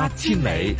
八千里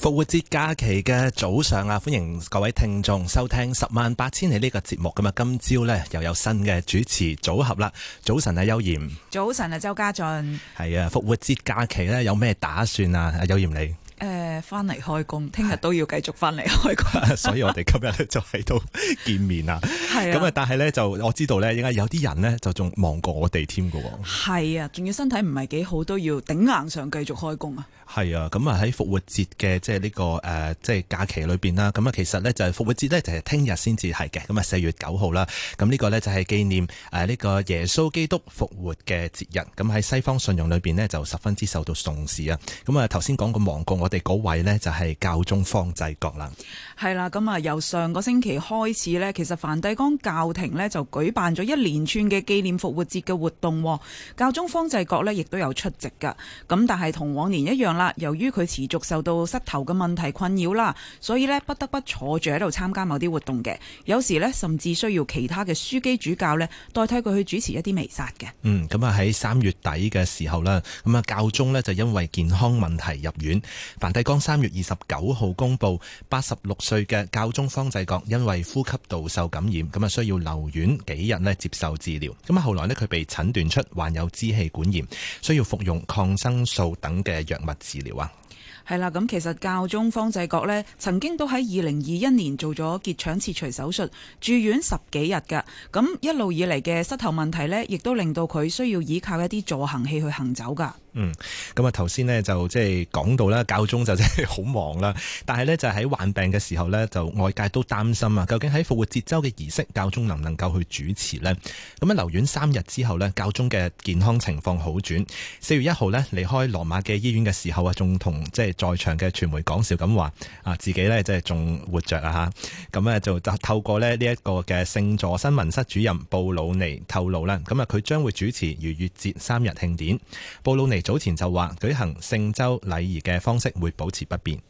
復活節假期嘅早上啊，歡迎各位聽眾收聽《十萬八千里》呢個節目咁啊！今朝呢又有新嘅主持組合啦！早晨啊，邱賢，早晨啊，周家俊，係啊！復活節假期咧有咩打算啊？阿邱賢你？誒、呃，翻嚟開工，聽日都要繼續翻嚟開工。 所以我哋今日咧就喺度見面啦。係啊，咁啊，但係咧就我知道咧，應該有啲人咧就仲忙過我哋添喎。係啊，仲要身體唔係幾好，都要頂硬上繼續開工啊。係啊，咁啊喺復活節嘅即係呢個誒，即係假期裏邊啦。咁啊，其實咧就係復活節咧，這個，就係聽日先至係嘅。咁啊，四月九號啦。咁呢個咧就係紀念誒呢個耶穌基督復活嘅節日。咁喺西方信仰裏邊呢，就十分之受到重視啊。咁啊，頭先講個忙過哋嗰位呢，就係教宗方濟各啦。係啦，咁啊由上個星期開始呢，其實梵蒂岡教廷呢就舉辦咗一連串嘅紀念復活節嘅活動，教宗方濟各呢，亦都有出席噶，咁但係同往年一樣啦，由於佢持續受到膝頭嘅問題困擾啦，所以呢不得不坐住喺度參加某啲活動嘅，有時呢，甚至需要其他嘅樞機主教呢代替佢去主持一啲彌撒嘅。嗯，咁啊喺三月底嘅時候啦，咁啊教宗呢就因為健康問題入院。梵蒂岡三月二十九號公布，八十六歲嘅教宗方濟各因為呼吸道受感染，咁啊需要留院幾日咧接受治療。咁啊後來咧佢被診斷出患有支氣管炎，需要服用抗生素等嘅藥物治療啊。係啦，咁其實教宗方濟各呢曾經都喺二零二一年做咗結腸切除手術，住院十幾日噶。咁一路以嚟嘅膝頭問題呢，亦都令到佢需要依靠一啲助行器去行走噶。嗯，咁啊頭先呢就即係講到啦，教宗就真係好忙啦。但係呢，就喺患病嘅時候呢，就外界都擔心啊，究竟喺復活節週嘅儀式，教宗能唔能夠去主持呢？咁啊，留院三日之後呢，教宗嘅健康情況好轉。四月一號呢，離開羅馬嘅醫院嘅時候啊，仲同即係。在場嘅傳媒講笑咁話啊，自己呢，即係仲活着啊嚇，咁呢，就、啊、就透過呢一個嘅聖座新聞室主任布魯尼透露啦，咁啊佢將會主持逾越節三日慶典。布魯尼早前就話舉行聖週禮儀嘅方式會保持不變。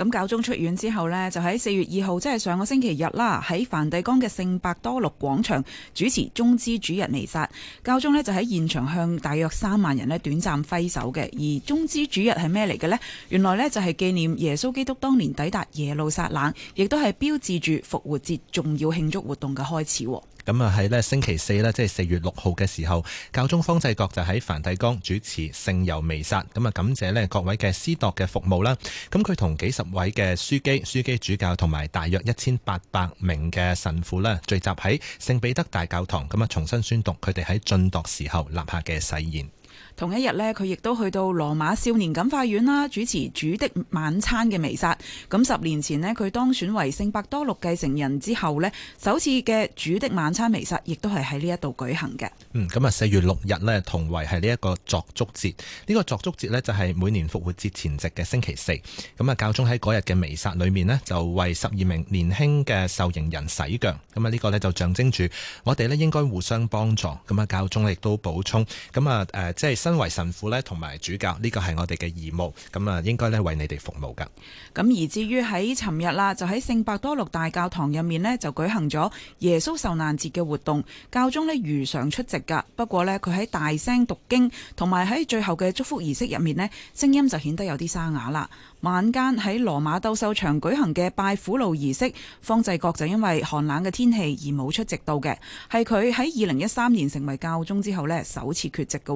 咁教宗出院之後呢，就喺四月二號，即係上個星期日啦，喺梵蒂岡嘅聖伯多禄廣場主持宗之主日彌撒。教宗呢，就喺現場向大約三萬人呢短暫揮手嘅。而宗之主日係咩嚟嘅呢？原來呢，就係紀念耶穌基督當年抵達耶路撒冷，亦都係標誌住復活節重要慶祝活動嘅開始。咁啊，喺咧星期四咧，即係四月六號嘅時候，教宗方濟各就喺梵蒂岡主持聖油彌撒，咁啊感謝咧各位嘅司鐸嘅服務啦。咁佢同幾十位嘅樞機、樞機主教同埋大約一千八百名嘅神父呢，聚集喺聖彼得大教堂，咁啊重新宣讀佢哋喺晉鐸時候立下嘅誓言。同一日呢，佢亦都去到羅馬少年感化院啦，主持主的晚餐嘅彌撒。咁十年前呢佢當選為聖伯多祿繼承人之後呢，首次嘅主的晚餐彌撒亦都係喺呢一度舉行嘅。嗯，咁啊，四月六日呢，同為係呢一個濯足節。呢、這個濯足節呢，就係、是、每年復活節前夕嘅星期四。咁、嗯、啊，教宗喺嗰日嘅彌撒裏面呢，就為十二名年輕嘅受刑人洗腳。咁、嗯、啊，呢、這個呢，就象徵住我哋呢應該互相幫助。咁、嗯、啊，教宗亦都補充，咁、嗯、啊、呃，即係身為神父咧，同埋主教，呢個係我哋嘅義務，咁啊，應該咧為你哋服務噶。咁而至於喺尋日啦，就喺聖伯多祿大教堂入面呢，就舉行咗耶穌受難節嘅活動，教宗呢，如常出席噶。不過呢，佢喺大聲讀經，同埋喺最後嘅祝福儀式入面呢，聲音就顯得有啲沙啞啦。晚間喺羅馬鬥獸場舉行嘅拜苦路儀式，方濟各就因為寒冷嘅天氣而冇出席到嘅，係佢喺二零一三年成為教宗之後呢首次缺席噶。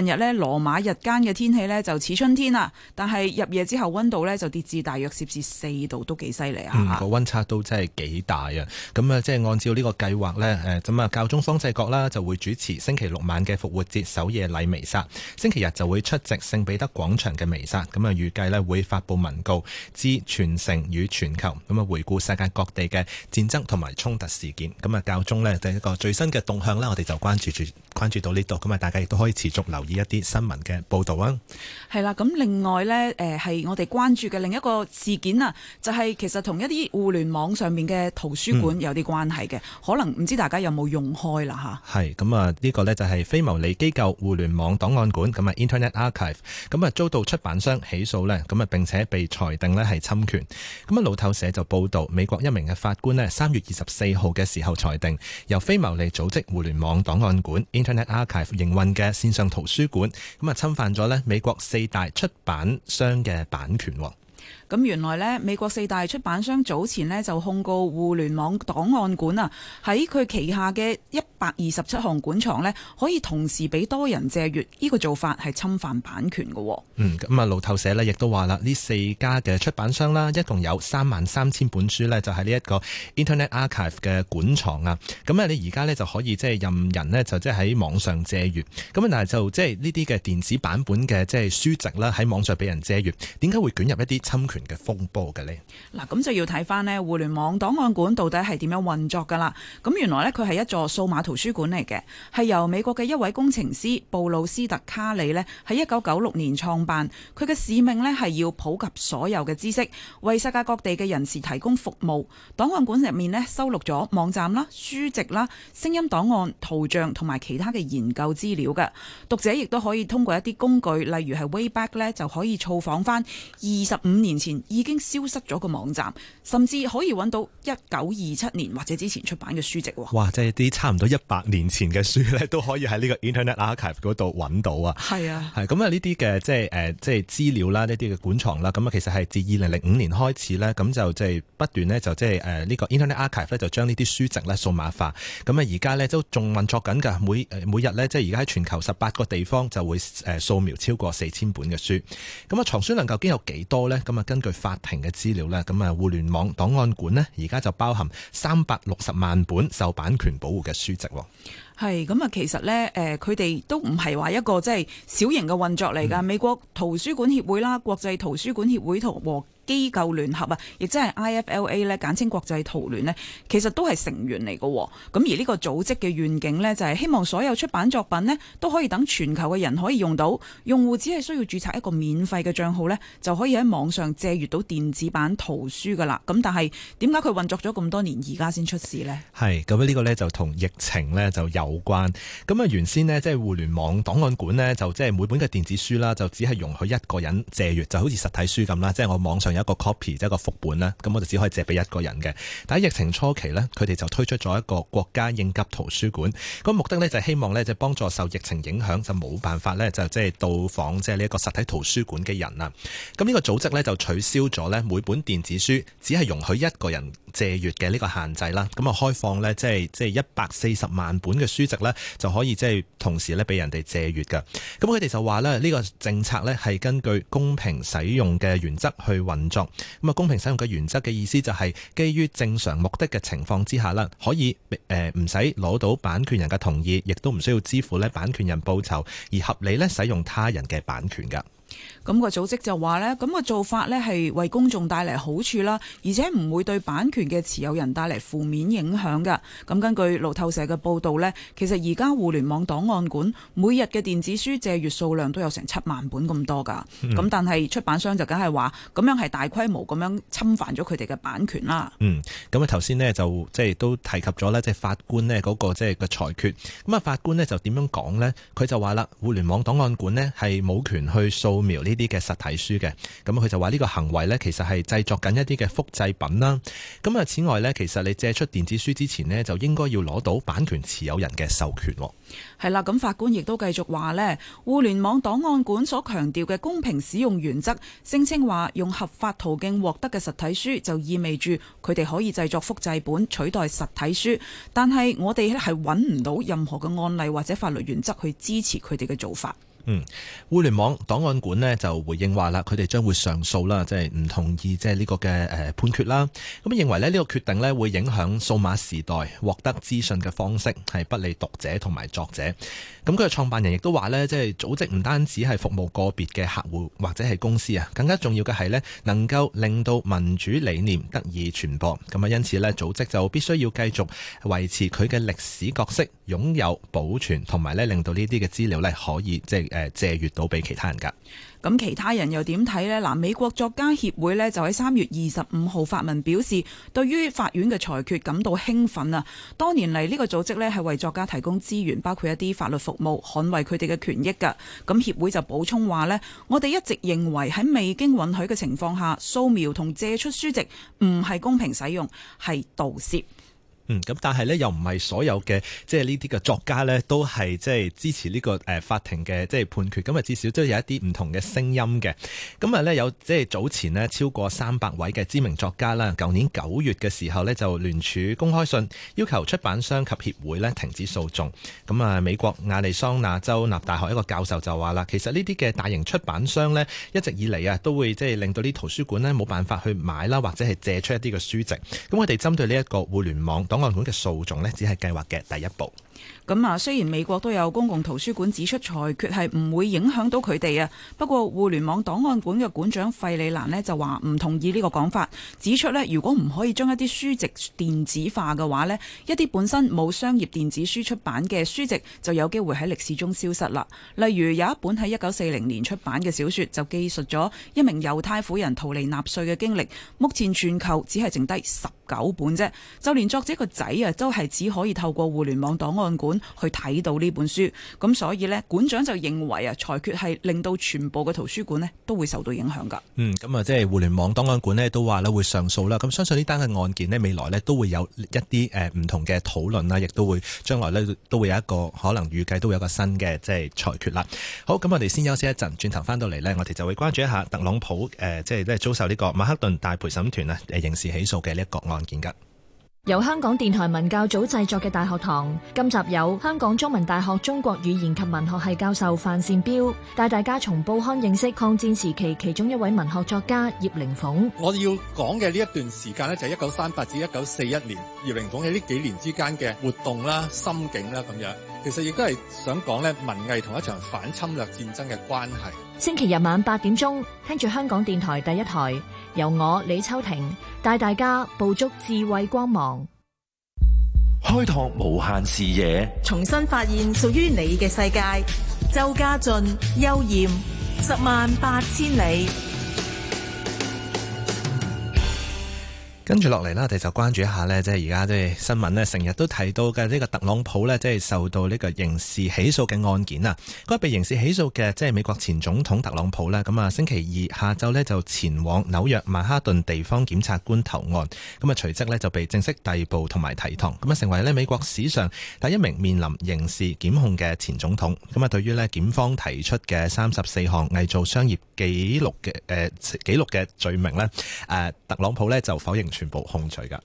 近日呢，羅馬日間嘅天氣呢，就似春天啦，但係入夜之後，溫度呢，就跌至大約攝氏四度，都幾犀利啊！嗯，個溫差都真係幾大啊！咁啊，即係按照呢個計劃呢，誒，咁啊，教宗方世各方濟各啦就會主持星期六晚嘅復活節首夜禮彌撒，星期日就會出席聖彼得廣場嘅彌撒。咁啊，預計呢，會發布文告致全城與全球，咁啊，回顧世界各地嘅戰爭同埋衝突事件。咁啊，教宗呢，第一個最新嘅動向呢，我哋就關注住，關注到呢度。咁啊，大家亦都可以持續留意。留意一啲新聞嘅報導啊，係啦，咁另外呢，誒、呃、係我哋關注嘅另一個事件啊，就係、是、其實同一啲互聯網上面嘅圖書館有啲關係嘅、嗯，可能唔知大家有冇用開啦吓，係咁啊，呢、這個呢，就係非牟利機構互聯網檔案館，咁啊，Internet Archive 咁啊遭到出版商起訴呢，咁啊並且被裁定呢係侵權。咁啊，路透社就報導美國一名嘅法官呢，三月二十四號嘅時候裁定由非牟利組織互聯網檔案館 Internet Archive 營運嘅線上圖。書館咁啊，侵犯咗咧美國四大出版商嘅版權喎。咁原來呢，美國四大出版商早前呢就控告互聯網檔案館啊，喺佢旗下嘅一百二十七項館藏呢，可以同時俾多人借閱，呢、這個做法係侵犯版權嘅。嗯，咁啊，路透社呢亦都話啦，呢四家嘅出版商啦，一共有三萬三千本書呢，就係呢一個 Internet Archive 嘅館藏啊。咁啊，你而家呢，就可以即係任人呢，就即係喺網上借閱。咁但係就即係呢啲嘅電子版本嘅即係書籍啦，喺網上俾人借閱，點解會捲入一啲侵？侵權嘅風波嘅呢，嗱咁，就要睇翻呢互聯網檔案館到底係點樣運作噶啦？咁原來呢，佢係一座數碼圖書館嚟嘅，係由美國嘅一位工程師布魯斯特卡里呢，喺一九九六年創辦。佢嘅使命呢，係要普及所有嘅知識，為世界各地嘅人士提供服務。檔案館入面呢，收錄咗網站啦、書籍啦、聲音檔案、圖像同埋其他嘅研究資料嘅。讀者亦都可以通過一啲工具，例如係 Wayback 呢，就可以掃訪翻二十五。五年前已經消失咗個網站，甚至可以揾到一九二七年或者之前出版嘅書籍喎。哇！即係啲差唔多一百年前嘅書咧，都可以喺呢個 Internet Archive 嗰度揾到啊。係啊，係咁啊，呢啲嘅即係誒，即係資料啦，呢啲嘅館藏啦，咁啊，其實係自二零零五年開始咧，咁就即係不斷咧，就即係誒呢個 Internet Archive 咧，就將呢啲書籍咧數碼化。咁啊，而家咧都仲運作緊㗎，每每日咧即係而家喺全球十八個地方就會誒掃描超過四千本嘅書。咁啊，藏書量究竟有幾多咧？咁啊，根據法庭嘅資料咧，咁啊，互聯網檔案館咧，而家就包含三百六十萬本受版權保護嘅書籍喎。係咁啊，其實咧，誒、呃，佢哋都唔係話一個即係小型嘅運作嚟噶，嗯。美國圖書館協會啦，國際圖書館協會同和機構聯合啊，亦即係 IFLA 咧，簡稱國際圖聯呢，其實都係成員嚟嘅。咁而呢個組織嘅願景呢，就係希望所有出版作品呢，都可以等全球嘅人可以用到。用戶只係需要註冊一個免費嘅帳號呢，就可以喺網上借閲到電子版圖書㗎啦。咁但係點解佢運作咗咁多年而家先出事呢？係咁呢個呢，就同疫情呢，就有關。咁啊，原先呢，即係互聯網檔案館呢，就即係每本嘅電子書啦，就只係容許一個人借閲，就好似實體書咁啦。即係我網上。一個 copy 即係一個副本啦，咁我就只可以借俾一個人嘅。但喺疫情初期呢，佢哋就推出咗一個國家應急圖書館，個目的呢，就係希望呢，就幫助受疫情影響就冇辦法呢，就即係到訪即係呢一個實體圖書館嘅人啦。咁呢個組織呢，就取消咗呢每本電子書只係容許一個人借閱嘅呢個限制啦，咁啊開放呢，即係即係一百四十萬本嘅書籍呢，就可以即係同時咧俾人哋借閱噶咁佢哋就話咧，呢個政策呢係根據公平使用嘅原則去運作。咁啊，公平使用嘅原則嘅意思就係基於正常目的嘅情況之下啦，可以誒唔使攞到版權人嘅同意，亦都唔需要支付呢版權人報酬，而合理咧使用他人嘅版權噶咁個組織就話呢，咁個做法呢係為公眾帶嚟好處啦，而且唔會對版權嘅持有人帶嚟負面影響㗎。咁根據路透社嘅報道呢，其實而家互聯網檔案館每日嘅電子書借閱數量都有成七萬本咁多噶。咁、嗯、但係出版商就梗係話，咁樣係大規模咁樣侵犯咗佢哋嘅版權啦。嗯，咁啊頭先呢，就即係都提及咗呢，即係法官呢嗰個即係個裁決。咁啊法官呢就點樣講呢？佢就話啦，互聯網檔案館呢係冇權去掃。描呢啲嘅實體書嘅，咁佢就話呢個行為咧，其實係製作緊一啲嘅複製品啦。咁啊，此外咧，其實你借出電子書之前呢，就應該要攞到版權持有人嘅授權。係啦，咁法官亦都繼續話呢，互聯網檔案館所強調嘅公平使用原則，聲稱話用合法途徑獲得嘅實體書，就意味住佢哋可以製作複製本取代實體書。但係我哋咧係揾唔到任何嘅案例或者法律原則去支持佢哋嘅做法。嗯，互聯網檔案館呢，就回應話啦，佢哋將會上訴啦，即係唔同意即係呢個嘅誒判決啦。咁認為呢呢個決定呢，會影響數碼時代獲得資訊嘅方式，係不利讀者同埋作者。咁佢嘅創辦人亦都話呢，即係組織唔單止係服務個別嘅客戶或者係公司啊，更加重要嘅係呢，能夠令到民主理念得以傳播。咁啊，因此呢，組織就必須要繼續維持佢嘅歷史角色，擁有保存同埋呢令到呢啲嘅資料呢，可以即係。誒，借閱到俾其他人噶咁，其他人又點睇呢？嗱，美國作家協會呢，就喺三月二十五號發文表示，對於法院嘅裁決感到興奮啊。多年嚟，呢個組織呢，係為作家提供資源，包括一啲法律服務，捍衛佢哋嘅權益噶。咁協會就補充話呢，我哋一直認為喺未經允許嘅情況下，掃描同借出書籍唔係公平使用，係盜竊。嗯，咁但係咧，又唔係所有嘅即係呢啲嘅作家咧，都係即係支持呢個誒法庭嘅即係判決？咁啊，至少都有一啲唔同嘅聲音嘅。咁啊咧，有即係、就是、早前呢超過三百位嘅知名作家啦，舊年九月嘅時候咧就聯署公開信，要求出版商及協會咧停止訴訟。咁啊，美國亞利桑那州立大學一個教授就話啦，其實呢啲嘅大型出版商咧一直以嚟啊都會即係令到啲圖書館咧冇辦法去買啦，或者係借出一啲嘅書籍。咁我哋針對呢一個互聯網檔案館嘅訴訟咧，只係計劃嘅第一步。咁啊，雖然美國都有公共圖書館指出裁決係唔會影響到佢哋啊，不過互聯網檔案館嘅館長費里蘭呢就話唔同意呢個講法，指出呢：「如果唔可以將一啲書籍電子化嘅話呢一啲本身冇商業電子書出版嘅書籍就有機會喺歷史中消失啦。例如有一本喺一九四零年出版嘅小說就記述咗一名猶太婦人逃離納粹嘅經歷，目前全球只係剩低十九本啫，就連作者個仔啊都係只可以透過互聯網檔案。館去睇到呢本書，咁所以呢，館長就認為啊，裁決係令到全部嘅圖書館呢都會受到影響噶。嗯，咁啊，即係互聯網檔案館呢都話咧會上訴啦。咁相信呢單嘅案件呢，未來呢都會有一啲誒唔同嘅討論啦，亦都會將來呢都會有一個可能預計都會有一個新嘅即係裁決啦。好，咁我哋先休息一陣，轉頭翻到嚟呢，我哋就會關注一下特朗普誒、呃，即係遭受呢個曼哈頓大陪審團啊刑事起訴嘅呢一個案件噶。由香港電台文教組製作嘅《大學堂》，今集有香港中文大學中國語言及文學系教授范善標，帶大家從報刊認識抗戰時期其中一位文學作家葉靈鳳。我要講嘅呢一段時間咧，就係一九三八至一九四一年，葉靈鳳喺呢幾年之間嘅活動啦、心境啦咁樣。其實亦都係想講咧，文藝同一場反侵略戰爭嘅關係。星期日晚八點鐘，聽住香港電台第一台，由我李秋婷帶大家捕捉智慧光芒，開拓無限視野，重新發現屬於你嘅世界。周家俊、優艷，十萬八千里。跟住落嚟啦，我哋就關注一下咧，即係而家即係新聞，咧，成日都提到嘅呢個特朗普咧，即係受到呢個刑事起訴嘅案件啊。嗰個被刑事起訴嘅即係美國前總統特朗普咧，咁啊，星期二下晝咧就前往紐約曼哈頓地方檢察官投案，咁啊，隨即咧就被正式逮捕同埋提堂，咁啊，成為咧美國史上第一名面臨刑事檢控嘅前總統，咁啊，對於咧檢方提出嘅三十四項偽造商業記錄嘅誒記錄嘅罪名咧，誒特朗普咧就否認。全部控取噶。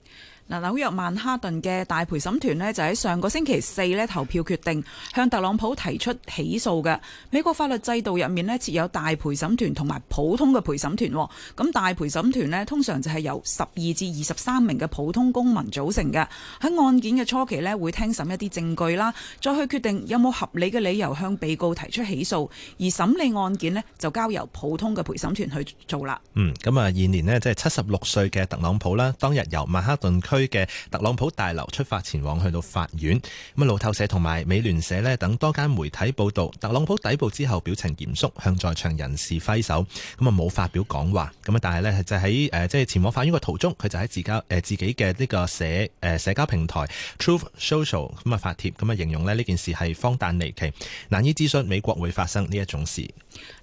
嗱，紐約曼哈頓嘅大陪審團咧，就喺上個星期四咧投票決定向特朗普提出起訴嘅。美國法律制度入面咧設有大陪審團同埋普通嘅陪審團。咁大陪審團咧通常就係由十二至二十三名嘅普通公民組成嘅。喺案件嘅初期咧會聽審一啲證據啦，再去決定有冇合理嘅理由向被告提出起訴。而審理案件咧就交由普通嘅陪審團去做啦。嗯，咁啊，現年咧即係七十六歲嘅特朗普啦，當日由曼哈頓區區嘅特朗普大樓出發前往去到法院，咁啊路透社同埋美聯社呢等多間媒體報道，特朗普抵步之後表情嚴肅，向在場人士揮手，咁啊冇發表講話，咁啊但係呢，就喺誒即係前往法院嘅途中，佢就喺自家誒自己嘅呢個社誒社交平台 Truth Social 咁啊發帖，咁啊形容咧呢件事係荒誕離奇，難以置信美國會發生呢一種事。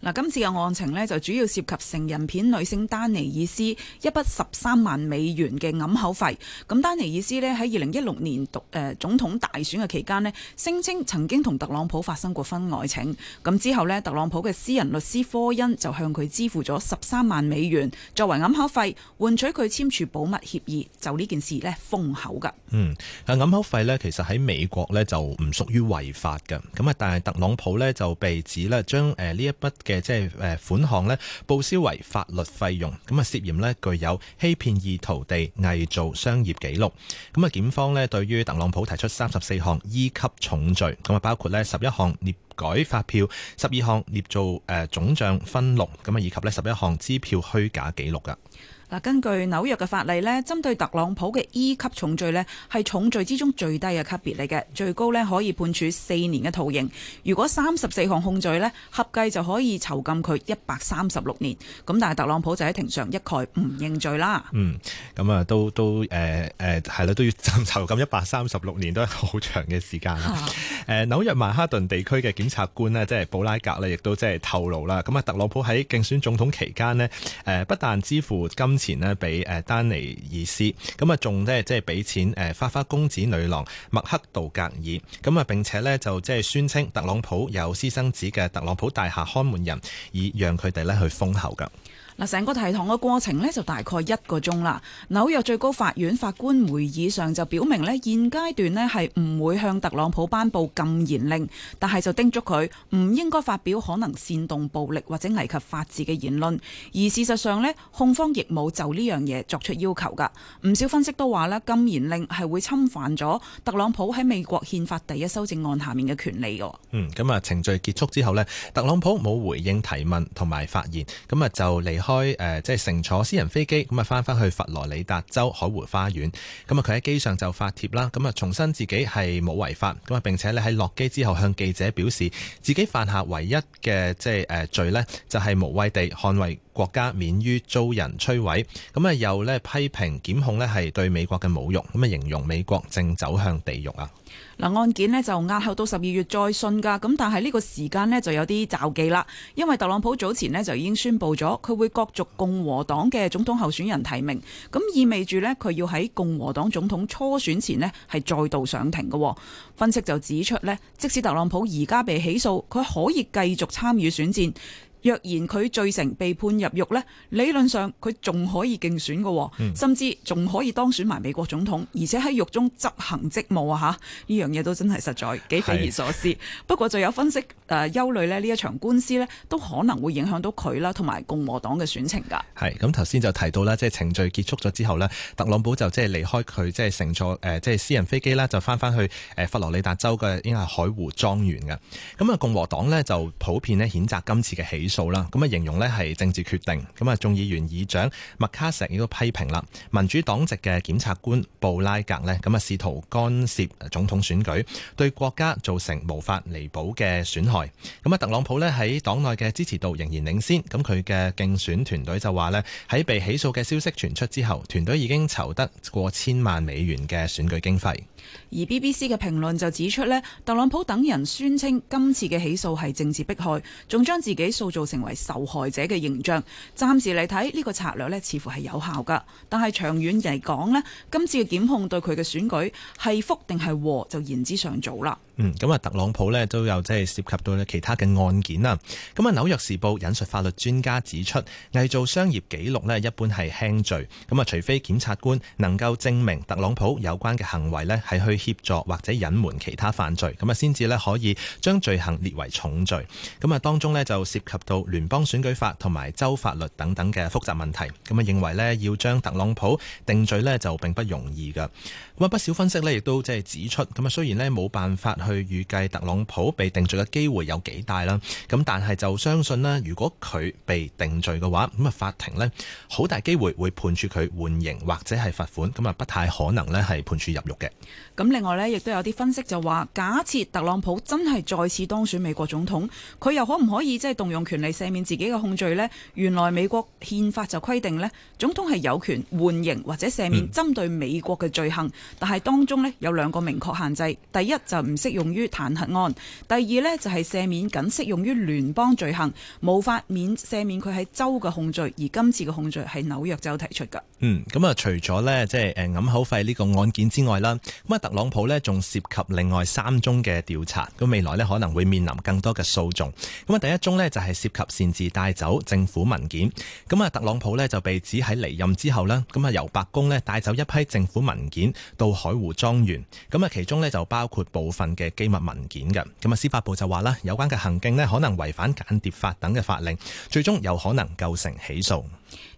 嗱，今次嘅案情呢，就主要涉及成人片女星丹尼爾斯一筆十三萬美元嘅揞口費。咁丹尼爾斯呢，喺二零一六年，呃、總統大選嘅期間呢，聲稱曾經同特朗普發生過婚外情。咁之後呢，特朗普嘅私人律師科恩就向佢支付咗十三萬美元作為暗口費，換取佢簽署保密協議，就呢件事呢封口㗎。嗯，啊暗口費呢，其實喺美國呢就唔屬於違法㗎。咁啊，但係特朗普呢就被指呢將呢一筆嘅即係款項呢報銷為法律費用，咁啊涉嫌呢具有欺騙意圖地偽造商業記錄咁啊，檢方呢對於特朗普提出三十四項 E 級重罪，咁啊包括呢十一項列改發票，十二項列做誒總賬分錄，咁啊以及呢十一項支票虛假記錄噶。嗱，根據紐約嘅法例咧，針對特朗普嘅 E 級重罪咧，係重罪之中最低嘅級別嚟嘅，最高咧可以判處四年嘅徒刑。如果三十四項控罪咧合計就可以囚禁佢一百三十六年。咁但係特朗普就喺庭上一概唔認罪啦。嗯，咁、嗯、啊，都都誒誒係啦，都要爭囚禁一百三十六年都係好長嘅時間。 誒紐約曼哈頓地區嘅檢察官咧，即係布拉格咧，亦都即係透露啦。咁啊，特朗普喺競選總統期間咧，誒不但支付金錢咧俾誒丹尼爾斯，咁啊仲咧即係俾錢誒花花公子女郎麥克道格爾，咁啊並且咧就即係宣稱特朗普有私生子嘅特朗普大廈看門人，以讓佢哋咧去封口㗎。嗱，成個提堂嘅過程呢，就大概一個鐘啦。紐約最高法院法官會議上就表明呢，現階段呢係唔會向特朗普頒布禁言令，但係就叮囑佢唔應該發表可能煽動暴力或者危及法治嘅言論。而事實上呢，控方亦冇就呢樣嘢作出要求㗎。唔少分析都話呢禁言令係會侵犯咗特朗普喺美國憲法第一修正案下面嘅權利㗎。嗯，咁啊，程序結束之後呢，特朗普冇回應提問同埋發言，咁啊就離開。開誒，即係乘坐私人飛機咁啊，翻翻去佛羅里達州海湖花園。咁啊，佢喺機上就發帖啦。咁啊，重申自己係冇違法。咁啊，並且咧喺落機之後向記者表示，自己犯下唯一嘅即係誒罪呢，就係無畏地捍衛。國家免於遭人摧毀，咁啊又咧批評檢控咧係對美國嘅侮辱，咁啊形容美國正走向地獄啊！嗱，案件咧就押後到十二月再訊㗎，咁但係呢個時間咧就有啲詐忌啦，因為特朗普早前咧就已經宣布咗，佢會角逐共和黨嘅總統候選人提名，咁意味住咧佢要喺共和黨總統初選前咧係再度上庭嘅。分析就指出咧，即使特朗普而家被起訴，佢可以繼續參與選戰。若然佢罪成被判入獄咧，理論上佢仲可以競選嘅，甚至仲可以當選埋美國總統，而且喺獄中執行職務啊！吓，呢樣嘢都真係實在幾匪夷所思。不過就有分析誒憂慮咧，呢一場官司咧都可能會影響到佢啦，同埋共和黨嘅選情㗎。係咁頭先就提到啦，即係程序結束咗之後咧，特朗普就即係離開佢即係乘坐誒即係私人飛機啦，就翻翻去誒佛羅里達州嘅應該係海湖莊園嘅。咁啊共和黨咧就普遍咧譴責今次嘅起。數啦，咁啊形容呢係政治決定，咁啊眾議院議長麥卡錫亦都批評啦，民主黨籍嘅檢察官布拉格呢，咁啊試圖干涉總統選舉，對國家造成無法彌補嘅損害。咁啊特朗普呢喺黨內嘅支持度仍然領先，咁佢嘅競選團隊就話呢，喺被起訴嘅消息傳出之後，團隊已經籌得過千萬美元嘅選舉經費。而 BBC 嘅評論就指出呢，特朗普等人宣稱今次嘅起訴係政治迫害，仲將自己塑造。成為受害者嘅形象，暫時嚟睇，呢個策略呢似乎係有效噶。但係長遠嚟講呢今次嘅檢控對佢嘅選舉係福定係禍，就言之尚早啦。嗯，咁啊，特朗普咧都有即係涉及到咧其他嘅案件啊。咁啊，《紐約時報》引述法律專家指出，偽造商業記錄咧一般係輕罪。咁啊，除非檢察官能夠證明特朗普有關嘅行為咧係去協助或者隱瞞其他犯罪，咁啊先至咧可以將罪行列為重罪。咁啊，當中咧就涉及到聯邦選舉法同埋州法律等等嘅複雜問題。咁啊，認為咧要將特朗普定罪咧就並不容易噶。咁啊，不少分析咧亦都即係指出，咁啊雖然咧冇辦法去。佢預計特朗普被定罪嘅機會有幾大啦？咁但係就相信咧，如果佢被定罪嘅話，咁啊法庭咧好大機會會判處佢緩刑或者係罰款，咁啊不太可能咧係判處入獄嘅。咁另外咧，亦都有啲分析就話假設特朗普真係再次當選美國總統，佢又可唔可以即係動用權力赦免自己嘅控罪咧？原來美國憲法就規定咧，總統係有權緩刑或者赦免針對美國嘅罪行，嗯、但係當中咧有兩個明確限制，第一就唔識。用於彈劾案。第二呢，就係赦免，僅適用於聯邦罪行，無法免赦免佢喺州嘅控罪。而今次嘅控罪係紐約州提出噶。嗯，咁、嗯、啊，除咗呢，即係誒，掩口費呢個案件之外啦，咁啊，特朗普呢仲涉及另外三宗嘅調查。咁未來呢可能會面臨更多嘅訴訟。咁啊，第一宗呢，就係、是、涉及擅自帶走政府文件。咁啊，特朗普呢就被指喺離任之後咧，咁啊由白宮咧帶走一批政府文件到海湖莊園。咁啊，其中呢，就包括部分。嘅機密文件嘅。咁啊，司法部就話啦，有關嘅行徑呢，可能違反間諜法等嘅法令，最終有可能構成起訴。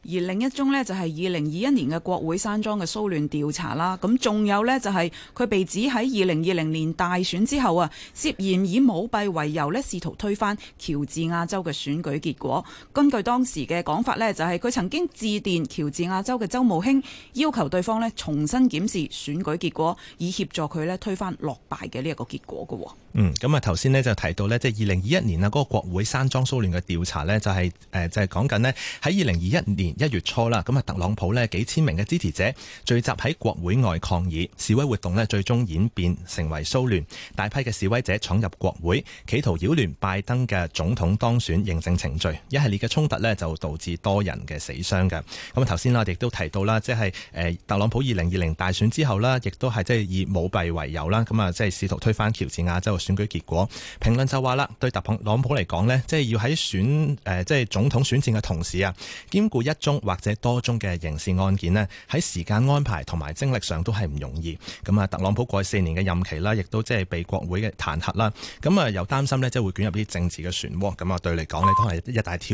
而另一宗呢，就係二零二一年嘅國會山莊嘅騷亂調查啦。咁仲有呢，就係佢被指喺二零二零年大選之後啊，涉嫌以舞弊為由呢，試圖推翻喬治亞州嘅選舉結果。根據當時嘅講法呢，就係佢曾經致電喬治亞州嘅州務卿，要求對方呢，重新檢視選舉結果，以協助佢呢，推翻落敗嘅呢一個結果喎。嗯，咁啊頭先咧就提到咧，即係二零二一年啊，嗰個國會山莊騷亂嘅調查咧，就是，就係誒，就係講緊咧喺二零二一年一月初啦，咁啊特朗普咧幾千名嘅支持者聚集喺國會外抗議示威活動咧，最終演變成為騷亂，大批嘅示威者闖入國會，企圖擾亂拜登嘅總統當選認證程序，一系列嘅衝突咧就導致多人嘅死傷嘅。咁啊頭先啦，我哋都提到啦，即係誒特朗普二零二零大選之後啦，亦都係即係以舞弊為由啦，咁啊即係試圖推翻喬治亞州。選舉結果，評論就話啦，對特朗普嚟講呢即係要喺選、呃、即係總統選戰嘅同時啊，兼顧一宗或者多宗嘅刑事案件呢，喺時間安排同埋精力上都係唔容易。咁啊，特朗普過去四年嘅任期啦，亦都即係被國會嘅彈劾啦。咁啊，又擔心呢，即係會捲入啲政治嘅漩渦。咁啊，對嚟講呢都係一大挑。